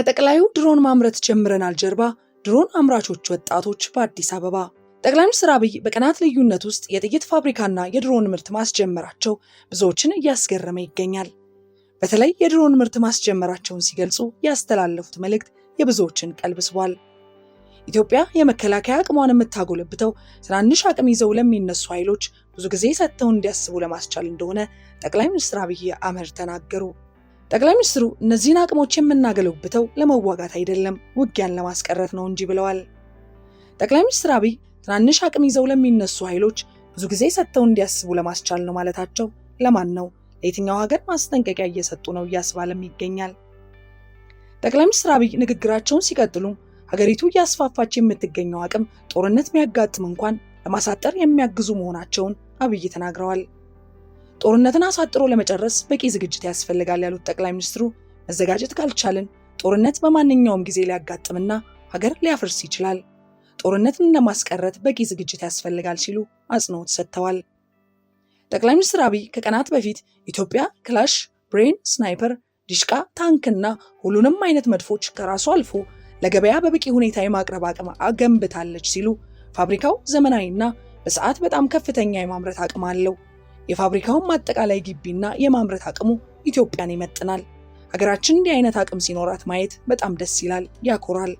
ከጠቅላዩ ድሮን ማምረት ጀምረናል ጀርባ ድሮን አምራቾች ወጣቶች በአዲስ አበባ ጠቅላይ ሚኒስትር አብይ በቀናት ልዩነት ውስጥ የጥይት ፋብሪካና የድሮን ምርት ማስጀመራቸው ብዙዎችን እያስገረመ ይገኛል። በተለይ የድሮን ምርት ማስጀመራቸውን ሲገልጹ ያስተላለፉት መልእክት የብዙዎችን ቀልብ ስቧል። ኢትዮጵያ የመከላከያ አቅሟን የምታጎለብተው ትናንሽ አቅም ይዘው ለሚነሱ ኃይሎች ብዙ ጊዜ ሰጥተው እንዲያስቡ ለማስቻል እንደሆነ ጠቅላይ ሚኒስትር አብይ አህመድ ተናገሩ። ጠቅላይ ሚኒስትሩ እነዚህን አቅሞች የምናገለብተው ለመዋጋት አይደለም፣ ውጊያን ለማስቀረት ነው እንጂ ብለዋል። ጠቅላይ ሚኒስትር አብይ ትናንሽ አቅም ይዘው ለሚነሱ ኃይሎች ብዙ ጊዜ ሰጥተው እንዲያስቡ ለማስቻል ነው ማለታቸው ለማን ነው? ለየትኛው ሀገር ማስጠንቀቂያ እየሰጡ ነው እያስባለም ይገኛል። ጠቅላይ ሚኒስትር አብይ ንግግራቸውን ሲቀጥሉም ሀገሪቱ እያስፋፋች የምትገኘው አቅም ጦርነት ቢያጋጥም እንኳን ለማሳጠር የሚያግዙ መሆናቸውን አብይ ተናግረዋል። ጦርነትን አሳጥሮ ለመጨረስ በቂ ዝግጅት ያስፈልጋል ያሉት ጠቅላይ ሚኒስትሩ መዘጋጀት ካልቻልን ጦርነት በማንኛውም ጊዜ ሊያጋጥምና ሀገር ሊያፈርስ ይችላል። ጦርነትን ለማስቀረት በቂ ዝግጅት ያስፈልጋል ሲሉ አጽንኦት ሰጥተዋል። ጠቅላይ ሚኒስትር አብይ ከቀናት በፊት ኢትዮጵያ ክላሽ፣ ብሬን፣ ስናይፐር፣ ዲሽቃ፣ ታንክና ሁሉንም አይነት መድፎች ከራሱ አልፎ ለገበያ በበቂ ሁኔታ የማቅረብ አቅም አገንብታለች ሲሉ ፋብሪካው ዘመናዊና በሰዓት በጣም ከፍተኛ የማምረት አቅም አለው የፋብሪካውን ማጠቃላይ ግቢና የማምረት አቅሙ ኢትዮጵያን ይመጥናል። ሀገራችን እንዲህ አይነት አቅም ሲኖራት ማየት በጣም ደስ ይላል፣ ያኮራል።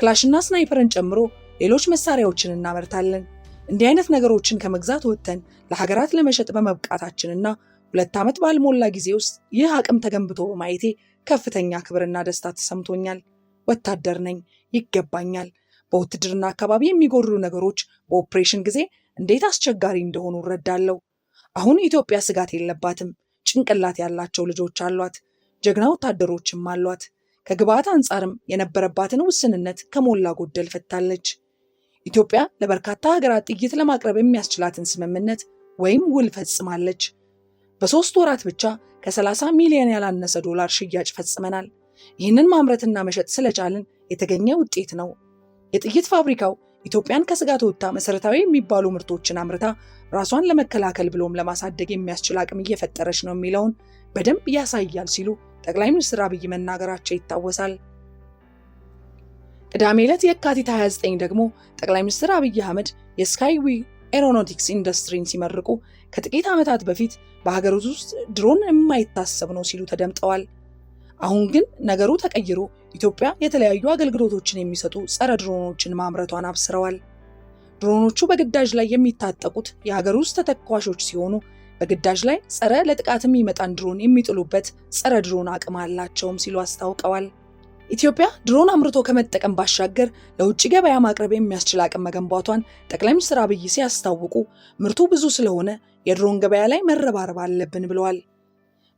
ክላሽና ስናይፐርን ጨምሮ ሌሎች መሳሪያዎችን እናመርታለን። እንዲህ አይነት ነገሮችን ከመግዛት ወጥተን ለሀገራት ለመሸጥ በመብቃታችንና ሁለት ዓመት ባልሞላ ጊዜ ውስጥ ይህ አቅም ተገንብቶ በማየቴ ከፍተኛ ክብርና ደስታ ተሰምቶኛል። ወታደር ነኝ፣ ይገባኛል። በውትድርና አካባቢ የሚጎድሉ ነገሮች በኦፕሬሽን ጊዜ እንዴት አስቸጋሪ እንደሆኑ እረዳለሁ። አሁን ኢትዮጵያ ስጋት የለባትም። ጭንቅላት ያላቸው ልጆች አሏት፣ ጀግና ወታደሮችም አሏት። ከግብአት አንጻርም የነበረባትን ውስንነት ከሞላ ጎደል ፈታለች። ኢትዮጵያ ለበርካታ ሀገራት ጥይት ለማቅረብ የሚያስችላትን ስምምነት ወይም ውል ፈጽማለች። በሦስት ወራት ብቻ ከ30 ሚሊዮን ያላነሰ ዶላር ሽያጭ ፈጽመናል። ይህንን ማምረትና መሸጥ ስለቻልን የተገኘ ውጤት ነው። የጥይት ፋብሪካው ኢትዮጵያን ከስጋት ወጥታ መሰረታዊ የሚባሉ ምርቶችን አምርታ ራሷን ለመከላከል ብሎም ለማሳደግ የሚያስችል አቅም እየፈጠረች ነው የሚለውን በደንብ ያሳያል ሲሉ ጠቅላይ ሚኒስትር አብይ መናገራቸው ይታወሳል። ቅዳሜ ዕለት የካቲት 29 ደግሞ ጠቅላይ ሚኒስትር አብይ አህመድ የስካይዊ ኤሮኖቲክስ ኢንዱስትሪን ሲመርቁ ከጥቂት ዓመታት በፊት በሀገር ውስጥ ድሮን የማይታሰብ ነው ሲሉ ተደምጠዋል። አሁን ግን ነገሩ ተቀይሮ ኢትዮጵያ የተለያዩ አገልግሎቶችን የሚሰጡ ጸረ ድሮኖችን ማምረቷን አብስረዋል። ድሮኖቹ በግዳጅ ላይ የሚታጠቁት የሀገር ውስጥ ተተኳሾች ሲሆኑ በግዳጅ ላይ ጸረ ለጥቃት የሚመጣን ድሮን የሚጥሉበት ጸረ ድሮን አቅም አላቸውም ሲሉ አስታውቀዋል። ኢትዮጵያ ድሮን አምርቶ ከመጠቀም ባሻገር ለውጭ ገበያ ማቅረብ የሚያስችል አቅም መገንባቷን ጠቅላይ ሚኒስትር አብይ ሲያስታውቁ ምርቱ ብዙ ስለሆነ የድሮን ገበያ ላይ መረባረብ አለብን ብለዋል።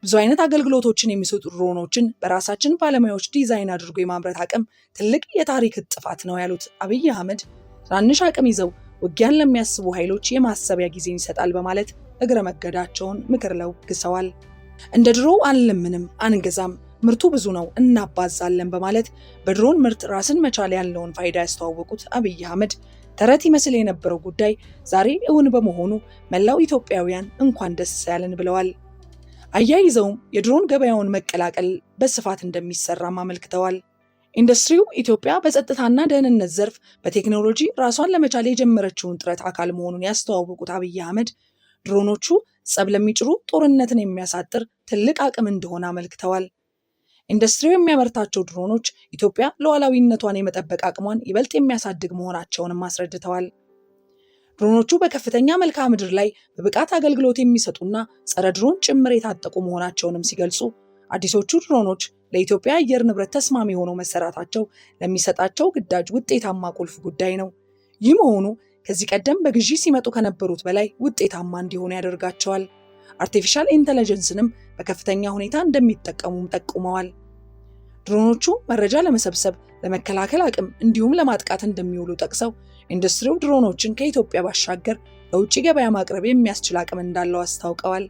ብዙ አይነት አገልግሎቶችን የሚሰጡ ድሮኖችን በራሳችን ባለሙያዎች ዲዛይን አድርጎ የማምረት አቅም ትልቅ የታሪክ ጥፋት ነው ያሉት አብይ አህመድ ትናንሽ አቅም ይዘው ውጊያን ለሚያስቡ ኃይሎች የማሰቢያ ጊዜን ይሰጣል በማለት እግረ መገዳቸውን ምክር ለግሰዋል። እንደ ድሮው አንለምንም፣ አንገዛም፣ ምርቱ ብዙ ነው እናባዛለን በማለት በድሮን ምርት ራስን መቻል ያለውን ፋይዳ ያስተዋወቁት አብይ አህመድ ተረት ይመስል የነበረው ጉዳይ ዛሬ እውን በመሆኑ መላው ኢትዮጵያውያን እንኳን ደስ ያለን ብለዋል። አያይዘውም የድሮን ገበያውን መቀላቀል በስፋት እንደሚሰራም አመልክተዋል። ኢንዱስትሪው ኢትዮጵያ በጸጥታና ደህንነት ዘርፍ በቴክኖሎጂ ራሷን ለመቻል የጀመረችውን ጥረት አካል መሆኑን ያስተዋወቁት አብይ አህመድ ድሮኖቹ ጸብ ለሚጭሩ ጦርነትን የሚያሳጥር ትልቅ አቅም እንደሆነ አመልክተዋል። ኢንዱስትሪው የሚያመርታቸው ድሮኖች ኢትዮጵያ ሉዓላዊነቷን የመጠበቅ አቅሟን ይበልጥ የሚያሳድግ መሆናቸውንም አስረድተዋል። ድሮኖቹ በከፍተኛ መልክዓ ምድር ላይ በብቃት አገልግሎት የሚሰጡና ጸረ ድሮን ጭምር የታጠቁ መሆናቸውንም ሲገልጹ አዲሶቹ ድሮኖች ለኢትዮጵያ አየር ንብረት ተስማሚ ሆነው መሰራታቸው ለሚሰጣቸው ግዳጅ ውጤታማ ቁልፍ ጉዳይ ነው። ይህ መሆኑ ከዚህ ቀደም በግዢ ሲመጡ ከነበሩት በላይ ውጤታማ እንዲሆኑ ያደርጋቸዋል። አርቲፊሻል ኢንተለጀንስንም በከፍተኛ ሁኔታ እንደሚጠቀሙም ጠቁመዋል። ድሮኖቹ መረጃ ለመሰብሰብ፣ ለመከላከል አቅም እንዲሁም ለማጥቃት እንደሚውሉ ጠቅሰው ኢንዱስትሪው ድሮኖችን ከኢትዮጵያ ባሻገር ለውጭ ገበያ ማቅረብ የሚያስችል አቅም እንዳለው አስታውቀዋል።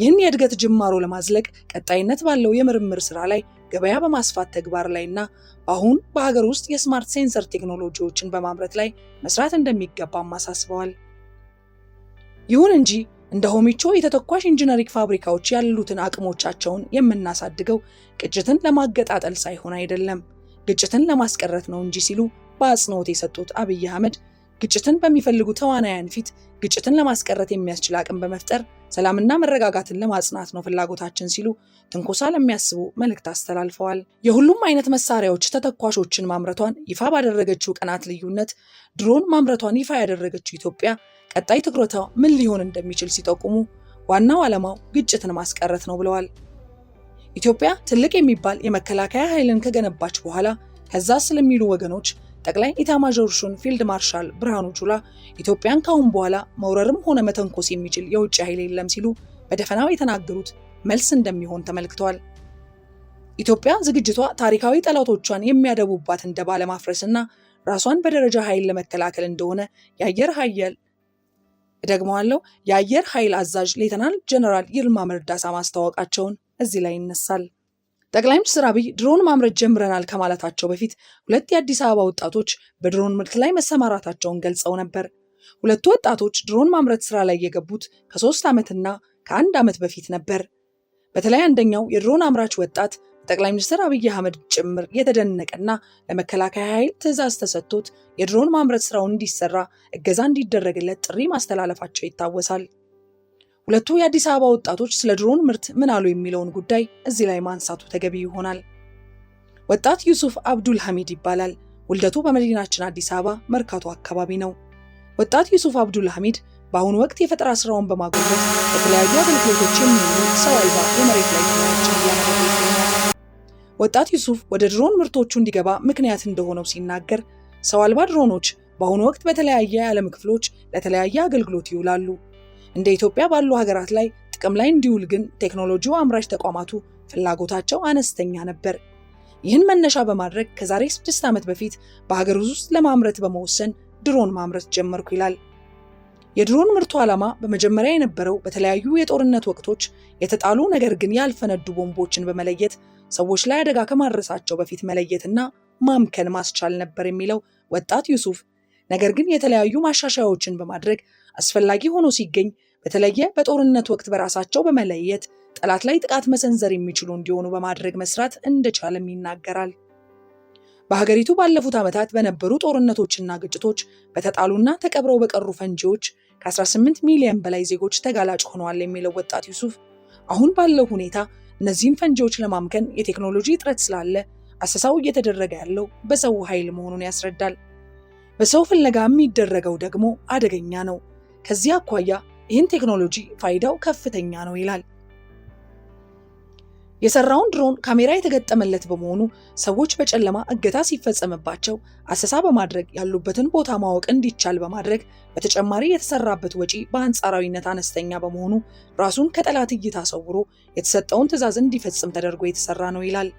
ይህን የእድገት ጅማሮ ለማዝለቅ ቀጣይነት ባለው የምርምር ስራ ላይ ገበያ በማስፋት ተግባር ላይና አሁን በሀገር ውስጥ የስማርት ሴንሰር ቴክኖሎጂዎችን በማምረት ላይ መስራት እንደሚገባም አሳስበዋል። ይሁን እንጂ እንደ ሆሚቾ የተተኳሽ ኢንጂነሪንግ ፋብሪካዎች ያሉትን አቅሞቻቸውን የምናሳድገው ግጭትን ለማገጣጠል ሳይሆን አይደለም፣ ግጭትን ለማስቀረት ነው እንጂ ሲሉ በአጽንኦት የሰጡት አብይ አህመድ ግጭትን በሚፈልጉ ተዋናያን ፊት ግጭትን ለማስቀረት የሚያስችል አቅም በመፍጠር ሰላምና መረጋጋትን ለማጽናት ነው ፍላጎታችን ሲሉ ትንኮሳ ለሚያስቡ መልእክት አስተላልፈዋል። የሁሉም አይነት መሳሪያዎች ተተኳሾችን ማምረቷን ይፋ ባደረገችው ቀናት ልዩነት ድሮን ማምረቷን ይፋ ያደረገችው ኢትዮጵያ ቀጣይ ትኩረቷ ምን ሊሆን እንደሚችል ሲጠቁሙ ዋናው ዓላማው ግጭትን ማስቀረት ነው ብለዋል። ኢትዮጵያ ትልቅ የሚባል የመከላከያ ኃይልን ከገነባች በኋላ ከዛ ስለሚሉ ወገኖች ጠቅላይ ኢታማዦር ሹም ፊልድ ማርሻል ብርሃኑ ጁላ ኢትዮጵያን ካሁን በኋላ መውረርም ሆነ መተንኮስ የሚችል የውጭ ኃይል የለም ሲሉ በደፈናው የተናገሩት መልስ እንደሚሆን ተመልክተዋል። ኢትዮጵያ ዝግጅቷ ታሪካዊ ጠላቶቿን የሚያደቡባት እንደ ባለማፍረስና ራሷን በደረጃ ኃይል ለመከላከል እንደሆነ የአየር ኃይል እደግመዋለሁ የአየር ኃይል አዛዥ ሌተናል ጀነራል ይልማ መርዳሳ ማስታወቃቸውን እዚህ ላይ ይነሳል። ጠቅላይ ሚኒስትር አብይ ድሮን ማምረት ጀምረናል ከማለታቸው በፊት ሁለት የአዲስ አበባ ወጣቶች በድሮን ምርት ላይ መሰማራታቸውን ገልጸው ነበር። ሁለቱ ወጣቶች ድሮን ማምረት ስራ ላይ የገቡት ከሶስት ዓመትና ከአንድ ዓመት በፊት ነበር። በተለይ አንደኛው የድሮን አምራች ወጣት ጠቅላይ ሚኒስትር አብይ አህመድ ጭምር የተደነቀና ለመከላከያ ኃይል ትዕዛዝ ተሰጥቶት የድሮን ማምረት ስራውን እንዲሰራ እገዛ እንዲደረግለት ጥሪ ማስተላለፋቸው ይታወሳል። ሁለቱ የአዲስ አበባ ወጣቶች ስለ ድሮን ምርት ምን አሉ የሚለውን ጉዳይ እዚህ ላይ ማንሳቱ ተገቢ ይሆናል። ወጣት ዩሱፍ አብዱል ሐሚድ ይባላል። ውልደቱ በመዲናችን አዲስ አበባ መርካቶ አካባቢ ነው። ወጣት ዩሱፍ አብዱል ሐሚድ በአሁኑ ወቅት የፈጠራ ስራውን በማጎልበት በተለያዩ አገልግሎቶች የሚውሉ ሰው አልባ የመሬት ላይ ስራዎችን እያደረገ ይገኛል። ወጣት ዩሱፍ ወደ ድሮን ምርቶቹ እንዲገባ ምክንያት እንደሆነው ሲናገር ሰው አልባ ድሮኖች በአሁኑ ወቅት በተለያየ የዓለም ክፍሎች ለተለያየ አገልግሎት ይውላሉ። እንደ ኢትዮጵያ ባሉ ሀገራት ላይ ጥቅም ላይ እንዲውል ግን ቴክኖሎጂው አምራች ተቋማቱ ፍላጎታቸው አነስተኛ ነበር። ይህን መነሻ በማድረግ ከዛሬ ስድስት ዓመት በፊት በሀገር ውስጥ ለማምረት በመወሰን ድሮን ማምረት ጀመርኩ ይላል። የድሮን ምርቱ ዓላማ በመጀመሪያ የነበረው በተለያዩ የጦርነት ወቅቶች የተጣሉ ነገር ግን ያልፈነዱ ቦምቦችን በመለየት ሰዎች ላይ አደጋ ከማድረሳቸው በፊት መለየትና ማምከን ማስቻል ነበር የሚለው ወጣት ዩሱፍ፣ ነገር ግን የተለያዩ ማሻሻያዎችን በማድረግ አስፈላጊ ሆኖ ሲገኝ በተለየ በጦርነት ወቅት በራሳቸው በመለየት ጠላት ላይ ጥቃት መሰንዘር የሚችሉ እንዲሆኑ በማድረግ መስራት እንደቻለም ይናገራል። በሀገሪቱ ባለፉት ዓመታት በነበሩ ጦርነቶችና ግጭቶች በተጣሉና ተቀብረው በቀሩ ፈንጂዎች ከ18 ሚሊዮን በላይ ዜጎች ተጋላጭ ሆነዋል የሚለው ወጣት ዩሱፍ አሁን ባለው ሁኔታ እነዚህን ፈንጂዎች ለማምከን የቴክኖሎጂ እጥረት ስላለ አሰሳው እየተደረገ ያለው በሰው ኃይል መሆኑን ያስረዳል። በሰው ፍለጋ የሚደረገው ደግሞ አደገኛ ነው። ከዚህ አኳያ ይህን ቴክኖሎጂ ፋይዳው ከፍተኛ ነው ይላል። የሰራውን ድሮን ካሜራ የተገጠመለት በመሆኑ ሰዎች በጨለማ እገታ ሲፈጸምባቸው አሰሳ በማድረግ ያሉበትን ቦታ ማወቅ እንዲቻል በማድረግ በተጨማሪ የተሰራበት ወጪ በአንጻራዊነት አነስተኛ በመሆኑ ራሱን ከጠላት እይታ ሰውሮ የተሰጠውን ትዕዛዝ እንዲፈጽም ተደርጎ የተሰራ ነው ይላል።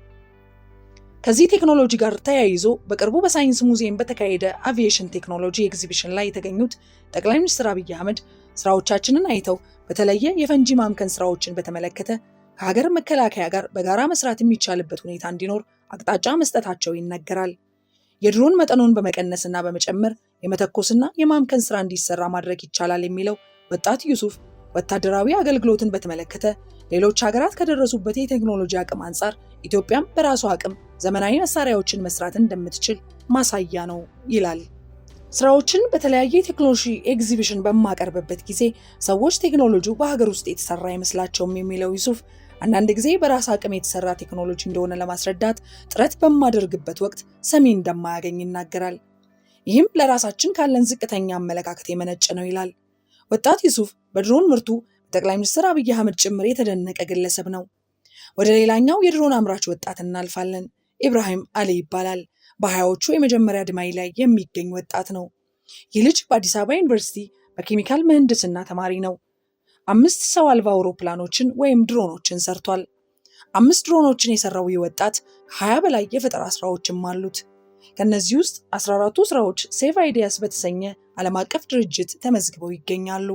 ከዚህ ቴክኖሎጂ ጋር ተያይዞ በቅርቡ በሳይንስ ሙዚየም በተካሄደ አቪዬሽን ቴክኖሎጂ ኤግዚቢሽን ላይ የተገኙት ጠቅላይ ሚኒስትር አብይ አህመድ ስራዎቻችንን አይተው በተለየ የፈንጂ ማምከን ስራዎችን በተመለከተ ከሀገር መከላከያ ጋር በጋራ መስራት የሚቻልበት ሁኔታ እንዲኖር አቅጣጫ መስጠታቸው ይነገራል። የድሮን መጠኑን በመቀነስና በመጨመር የመተኮስና የማምከን ስራ እንዲሰራ ማድረግ ይቻላል የሚለው ወጣት ዩሱፍ ወታደራዊ አገልግሎትን በተመለከተ ሌሎች ሀገራት ከደረሱበት የቴክኖሎጂ አቅም አንጻር ኢትዮጵያም በራሷ አቅም ዘመናዊ መሳሪያዎችን መስራት እንደምትችል ማሳያ ነው ይላል። ስራዎችን በተለያየ ቴክኖሎጂ ኤግዚቢሽን በማቀርብበት ጊዜ ሰዎች ቴክኖሎጂው በሀገር ውስጥ የተሰራ አይመስላቸውም የሚለው ይሱፍ አንዳንድ ጊዜ በራስ አቅም የተሰራ ቴክኖሎጂ እንደሆነ ለማስረዳት ጥረት በማደርግበት ወቅት ሰሚ እንደማያገኝ ይናገራል። ይህም ለራሳችን ካለን ዝቅተኛ አመለካከት የመነጨ ነው ይላል። ወጣት ዩሱፍ በድሮን ምርቱ በጠቅላይ ሚኒስትር አብይ አህመድ ጭምር የተደነቀ ግለሰብ ነው። ወደ ሌላኛው የድሮን አምራች ወጣት እናልፋለን። ኢብራሂም አሊ ይባላል። በሀያዎቹ የመጀመሪያ ዕድሜ ላይ የሚገኝ ወጣት ነው። ይህ ልጅ በአዲስ አበባ ዩኒቨርሲቲ በኬሚካል ምህንድስና ተማሪ ነው። አምስት ሰው አልባ አውሮፕላኖችን ወይም ድሮኖችን ሰርቷል። አምስት ድሮኖችን የሰራው ይህ ወጣት ከሀያ በላይ የፈጠራ ስራዎችም አሉት። ከእነዚህ ውስጥ 14 ስራዎች ሴቭ አይዲያስ በተሰኘ ዓለም አቀፍ ድርጅት ተመዝግበው ይገኛሉ።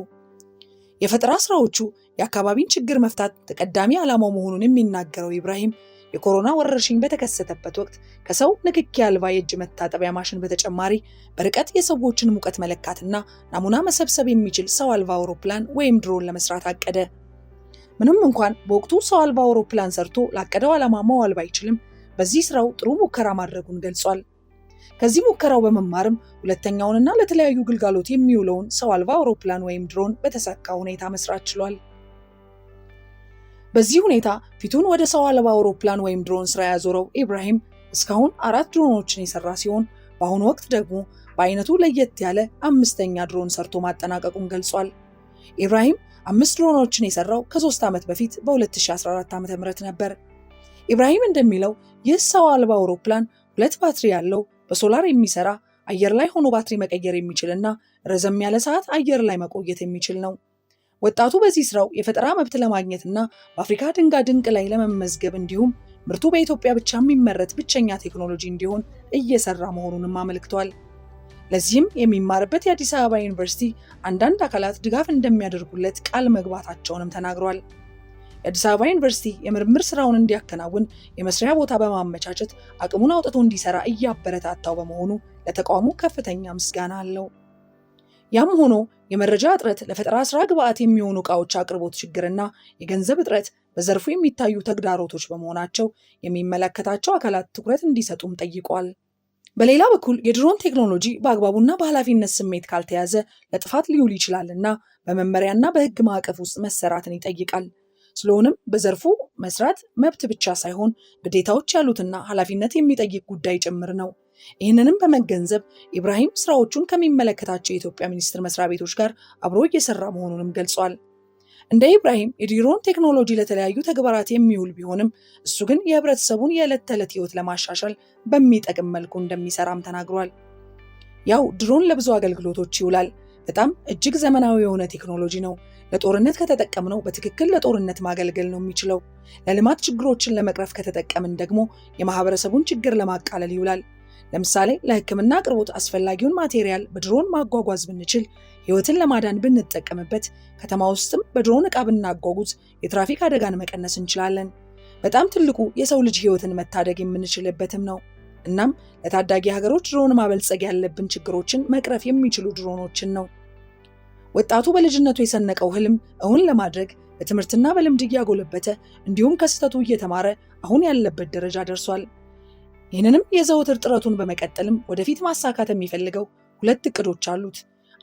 የፈጠራ ስራዎቹ የአካባቢን ችግር መፍታት ተቀዳሚ ዓላማው መሆኑን የሚናገረው ኢብራሂም የኮሮና ወረርሽኝ በተከሰተበት ወቅት ከሰው ንክኪ አልባ የእጅ መታጠቢያ ማሽን በተጨማሪ በርቀት የሰዎችን ሙቀት መለካትና ናሙና መሰብሰብ የሚችል ሰው አልባ አውሮፕላን ወይም ድሮን ለመስራት አቀደ። ምንም እንኳን በወቅቱ ሰው አልባ አውሮፕላን ሰርቶ ላቀደው ዓላማ መዋል ባይችልም፣ በዚህ ስራው ጥሩ ሙከራ ማድረጉን ገልጿል። ከዚህ ሙከራው በመማርም ሁለተኛውንና ለተለያዩ ግልጋሎት የሚውለውን ሰው አልባ አውሮፕላን ወይም ድሮን በተሳካ ሁኔታ መስራት ችሏል። በዚህ ሁኔታ ፊቱን ወደ ሰው አልባ አውሮፕላን ወይም ድሮን ስራ ያዞረው ኢብራሂም እስካሁን አራት ድሮኖችን የሰራ ሲሆን በአሁኑ ወቅት ደግሞ በአይነቱ ለየት ያለ አምስተኛ ድሮን ሰርቶ ማጠናቀቁን ገልጿል። ኢብራሂም አምስት ድሮኖችን የሰራው ከሶስት ዓመት በፊት በ2014 ዓ ም ነበር። ኢብራሂም እንደሚለው ይህ ሰው አልባ አውሮፕላን ሁለት ባትሪ ያለው በሶላር የሚሰራ አየር ላይ ሆኖ ባትሪ መቀየር የሚችል እና ረዘም ያለ ሰዓት አየር ላይ መቆየት የሚችል ነው። ወጣቱ በዚህ ስራው የፈጠራ መብት ለማግኘትና በአፍሪካ ድንጋ ድንቅ ላይ ለመመዝገብ እንዲሁም ምርቱ በኢትዮጵያ ብቻ የሚመረት ብቸኛ ቴክኖሎጂ እንዲሆን እየሰራ መሆኑንም አመልክቷል። ለዚህም የሚማርበት የአዲስ አበባ ዩኒቨርሲቲ አንዳንድ አካላት ድጋፍ እንደሚያደርጉለት ቃል መግባታቸውንም ተናግሯል። የአዲስ አበባ ዩኒቨርሲቲ የምርምር ስራውን እንዲያከናውን የመስሪያ ቦታ በማመቻቸት አቅሙን አውጥቶ እንዲሰራ እያበረታታው በመሆኑ ለተቋሙ ከፍተኛ ምስጋና አለው። ያም ሆኖ የመረጃ እጥረት፣ ለፈጠራ ስራ ግብዓት የሚሆኑ እቃዎች አቅርቦት ችግርና የገንዘብ እጥረት በዘርፉ የሚታዩ ተግዳሮቶች በመሆናቸው የሚመለከታቸው አካላት ትኩረት እንዲሰጡም ጠይቋል። በሌላ በኩል የድሮን ቴክኖሎጂ በአግባቡና በኃላፊነት ስሜት ካልተያዘ ለጥፋት ሊውል ይችላልና በመመሪያና በሕግ ማዕቀፍ ውስጥ መሰራትን ይጠይቃል። ስለሆነም በዘርፉ መስራት መብት ብቻ ሳይሆን ግዴታዎች ያሉትና ኃላፊነት የሚጠይቅ ጉዳይ ጭምር ነው። ይህንንም በመገንዘብ ኢብራሂም ስራዎቹን ከሚመለከታቸው የኢትዮጵያ ሚኒስቴር መስሪያ ቤቶች ጋር አብሮ እየሰራ መሆኑንም ገልጿል። እንደ ኢብራሂም የድሮን ቴክኖሎጂ ለተለያዩ ተግባራት የሚውል ቢሆንም እሱ ግን የህብረተሰቡን የዕለት ተዕለት ህይወት ለማሻሻል በሚጠቅም መልኩ እንደሚሰራም ተናግሯል። ያው ድሮን ለብዙ አገልግሎቶች ይውላል። በጣም እጅግ ዘመናዊ የሆነ ቴክኖሎጂ ነው። ለጦርነት ከተጠቀምነው በትክክል ለጦርነት ማገልገል ነው የሚችለው። ለልማት ችግሮችን ለመቅረፍ ከተጠቀምን ደግሞ የማህበረሰቡን ችግር ለማቃለል ይውላል። ለምሳሌ ለሕክምና አቅርቦት አስፈላጊውን ማቴሪያል በድሮን ማጓጓዝ ብንችል፣ ሕይወትን ለማዳን ብንጠቀምበት፣ ከተማ ውስጥም በድሮን ዕቃ ብናጓጉዝ የትራፊክ አደጋን መቀነስ እንችላለን። በጣም ትልቁ የሰው ልጅ ሕይወትን መታደግ የምንችልበትም ነው። እናም ለታዳጊ ሀገሮች ድሮን ማበልጸግ ያለብን ችግሮችን መቅረፍ የሚችሉ ድሮኖችን ነው። ወጣቱ በልጅነቱ የሰነቀው ህልም እውን ለማድረግ በትምህርትና በልምድ እያጎለበተ እንዲሁም ከስህተቱ እየተማረ አሁን ያለበት ደረጃ ደርሷል። ይህንንም የዘውትር ጥረቱን በመቀጠልም ወደፊት ማሳካት የሚፈልገው ሁለት እቅዶች አሉት።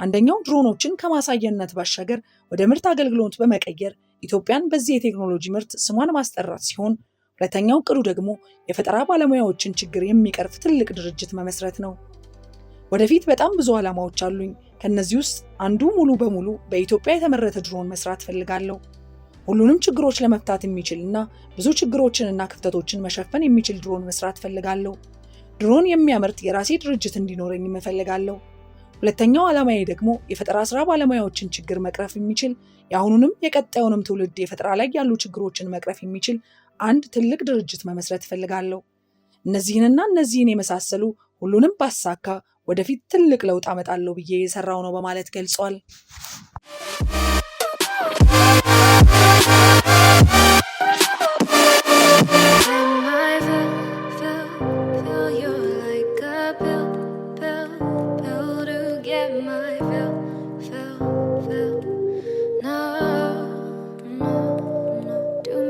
አንደኛው ድሮኖችን ከማሳየነት ባሻገር ወደ ምርት አገልግሎት በመቀየር ኢትዮጵያን በዚህ የቴክኖሎጂ ምርት ስሟን ማስጠራት ሲሆን፣ ሁለተኛው እቅዱ ደግሞ የፈጠራ ባለሙያዎችን ችግር የሚቀርፍ ትልቅ ድርጅት መመስረት ነው። ወደፊት በጣም ብዙ ዓላማዎች አሉኝ። ከእነዚህ ውስጥ አንዱ ሙሉ በሙሉ በኢትዮጵያ የተመረተ ድሮን መስራት ፈልጋለሁ። ሁሉንም ችግሮች ለመፍታት የሚችል እና ብዙ ችግሮችንና ክፍተቶችን መሸፈን የሚችል ድሮን መስራት ፈልጋለሁ። ድሮን የሚያመርት የራሴ ድርጅት እንዲኖረኝ እፈልጋለሁ። ሁለተኛው ዓላማዬ ደግሞ የፈጠራ ስራ ባለሙያዎችን ችግር መቅረፍ የሚችል የአሁኑንም የቀጣዩንም ትውልድ የፈጠራ ላይ ያሉ ችግሮችን መቅረፍ የሚችል አንድ ትልቅ ድርጅት መመስረት እፈልጋለሁ። እነዚህንና እነዚህን የመሳሰሉ ሁሉንም ባሳካ ወደፊት ትልቅ ለውጥ አመጣለሁ ብዬ የሰራው ነው በማለት ገልጿል።